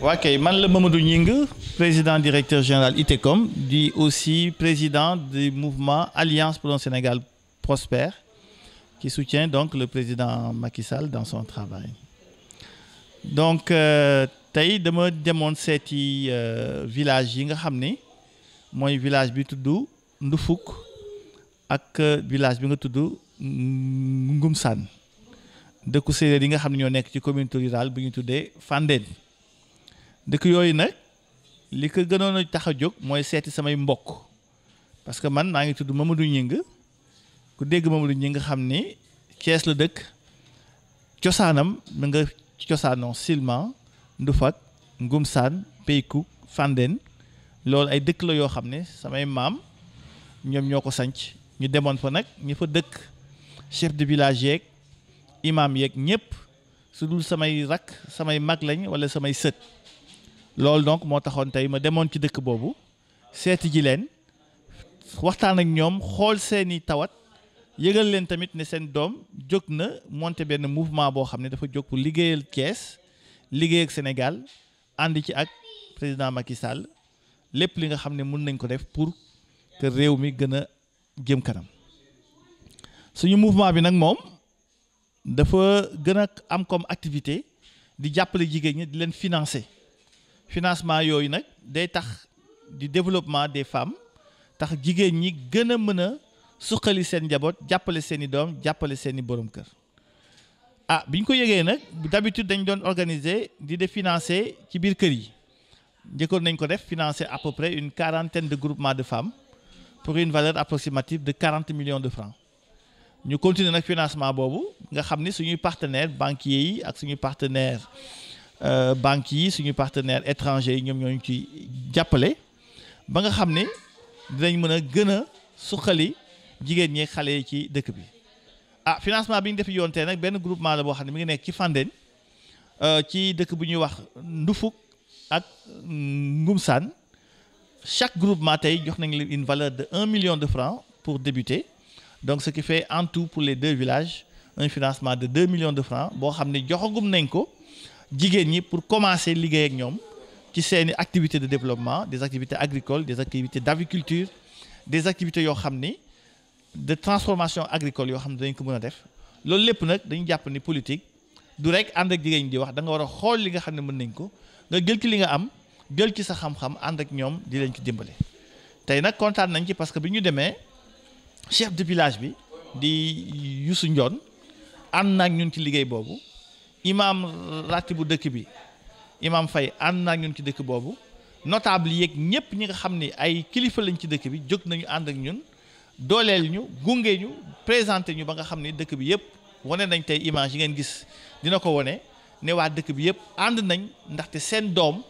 waa kay man la Mamadou Gningue président directeur général ITECOM di aussi président du mouvement Alliance pour un Sénégal prospère qui soutient donc le président Macky Sall dans son travail donc euh, tey dama demoon seeti euh, village yi nga xam ni mooy village bi tudd Ndufuk ak euh, village bi nga tudd Ngumsaan dëkku séeréer yi nga xam ne ñoo nekk ci communauté rural bu ñu tuddee Fandène dëkk yooyu nag li ko gënoon a tax a jóg mooy seeti samay mbokk parce que man maa ngi tudd ma Mamadou Gningue ku dégg Mamadou Gningue xam ni Thiès la dëkk cosaanam mu nga cosaanoo Silma Ndufat Ngumsaan Peyku Fandeen loolu ay dëkk la yoo xam ne samay maam ñoom ñoo ko sanc ñu demoon fa nag ñu fa dëkk chef de village yeeg imaam yeeg ñëpp su dul samay rakk samay mag lañ wala samay sët loolu donc moo taxoon tey ma demoon ci dëkk boobu seeti ji leen waxtaan ak ñoom xool seeni tawat yëgal leen tamit ne seen doom jóg na monté benn mouvement boo xam ne dafa jóg pour liggéeyal Thiès liggéey ak Sénégal ànd ci ak président Macky Sall lépp li nga xam ne mun nañ ko def pour que réew mi gën a jëm kanam suñu mouvement bi nag moom dafa gën a am comme activité di jàppale jigéen ñi di leen financer. financement yooyu nag day tax di développement des femmes tax jigéen ñi gën a mën a suqali seen njaboot jàppale seeni doom jàppale seen i borom kër ah bi ñu ko yëgee nag d'habitude dañ doon organiser di de financer ci biir kër yi njëkkoon nañ ko def financer à peu une quarantaine de groupement de femmes pour une valeur approximative de quarante millions de francs ñu continuer nag financement boobu nga xam ni suñuy partenaire banquiers yi ak suñuy partenaires Euh, banque yi suñu partenaires étrangers yi ñoom ñoo ñu ci jàppale ba nga xam ne dinañ mën a gën a suqali jigéen ñi xale yi ci dëkk bi. ah financement bi ñu defi yoon tey nag benn groupement la boo xam ne mi ngi nekk ci Fandène euh, ci dëkk bu ñuy wax Ndufuk ak Ngumsaan chaque groupement tey jox nañ leen une valeur de un million de francs pour débuter donc ce qui fait en tout pour les deux villages un financement de deux million de francs boo xam ne joxagum nañ ko. jigéen ñi pour commencer liggéey ak ñoom ci seeni activité de développement des activités agricoles des activités d'aviculture des activités yoo xam ni de transformation agricole yoo xam ne dañ ko mën a def loolu lépp nag dañu jàpp ni politique du rek ànd ak jigéen ñi di wax danga nga war a xool li nga xam ne mën nañ ko nga jël ci li nga am jël ci sa xam-xam ànd ak ñoom di leen ci dimbale. tey nag kontaan nañ ci parce que bi ñu demee chef de village bi di Youssou Ndione ànd na ñun ci liggéey boobu. imaam rati bu dëkk bi imaam fay ànd naa ñun ci dëkk boobu notable yeeg ñëpp ñi nga xam ni ay kilifa lañ ci dëkk bi jóg nañu ànd ak ñun dooleel ñu gunge ñu présenté ñu ba nga xam ne dëkk bi yëpp wane nañ tey image yi ngeen gis dina ko wane ne dëkk bi yëpp ànd nañ ndaxte seen doom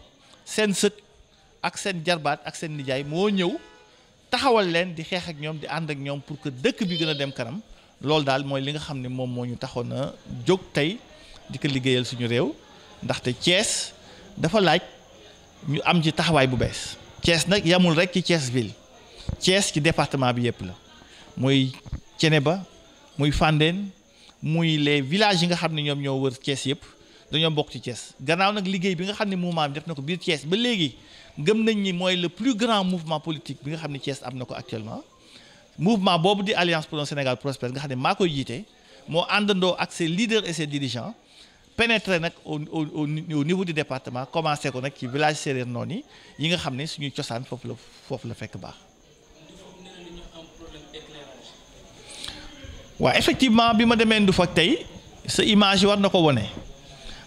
seen sët ak seen jarbaat ak seen nijaay moo ñëw taxawal leen di xeex ak ñoom di ànd ak ñoom pour que dëkk bi gën a dem kanam loolu daal mooy li nga xam ne moom moo ñu taxoon a jóg tey. di liggéeyal suñu réew ndaxte cees dafa laaj ñu am ci taxawaay bu bees cees nag yamul rek ci cees ville cees ci département bi yëpp la muy ba muy Fandène muy les villages yi nga xam ne ñoom ñoo wër cees yëpp dañoo bokk ci Thiès gannaaw nag liggéey bi nga xam ne moom bi def na ko biir cees ba léegi gëm nañ ni mooy le plus grand mouvement politique bi nga xam ne cees am na ko actuellement mouvement boobu di Alliance pour Sénégal prospère nga xam ne maa koy jiite moo àndandoo ak ses leaders et ses dirigeants pénétrer nag au au niveau du département commencé ko nag ci village séeréer noonu yi yi nga xam ne suñuy cosaan foofu la foofu la fekk baax. waaw effectivement bi ma demee du fa tey sa image war na ko wone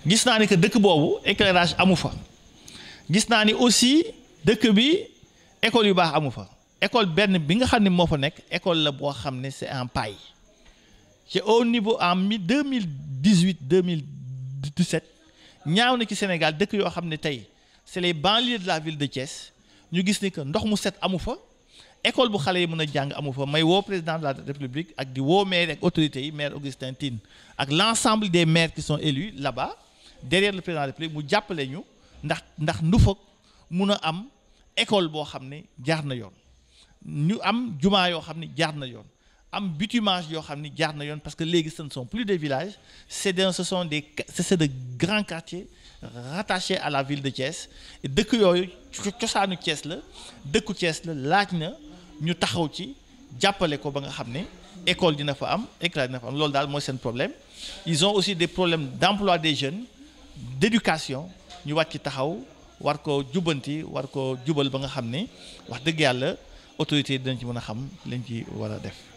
gis naa ni que dëkk boobu éclairage amu fa gis naa ni aussi dëkk bi école yu baax amu fa école benn bi nga xam ne moo fa nekk école la boo xam ne c'est en paille. ci au niveau en mi deux mille dix huit deux mille dix ñaaw na ci Sénégal dëkk yoo xam ne tey c'est les banlieues de la ville de Thiès ñu gis ni que ndox mu set amu fa école bu xale yi mën a jàng amu fa may woo président de la république ak di woo maire ak autorités yi maire Augustin Tine ak l'ensemble des maires qui sont élus là-bas derrière le président de république mu jàppale ñu ndax ndax Ndufëg mun a am école boo xam ne jaar na yoon ñu am jumaa yoo xam ne jaar na yoon. am bitumage yoo xam ni jaar na yoon parce que léegi sanson ne sont plus des villages c'est des ce sont des c'est de grands quartiers rattachés à la ville de Thiès dëkk yooyu cosaanu Thiès la dëkku Thiès la laaj na ñu taxaw ci jàppale ko ba nga xam ne école dina fa am éclat dina loolu daal mooy seen problème ils ont aussi des problème d'emploi des jeunes d'éducation ñu wàcc ci taxaw war ko jubbanti war ko jubal ba nga xam ne wax dëgg yàlla autorité dinañ ci mën a xam lañ ci war a def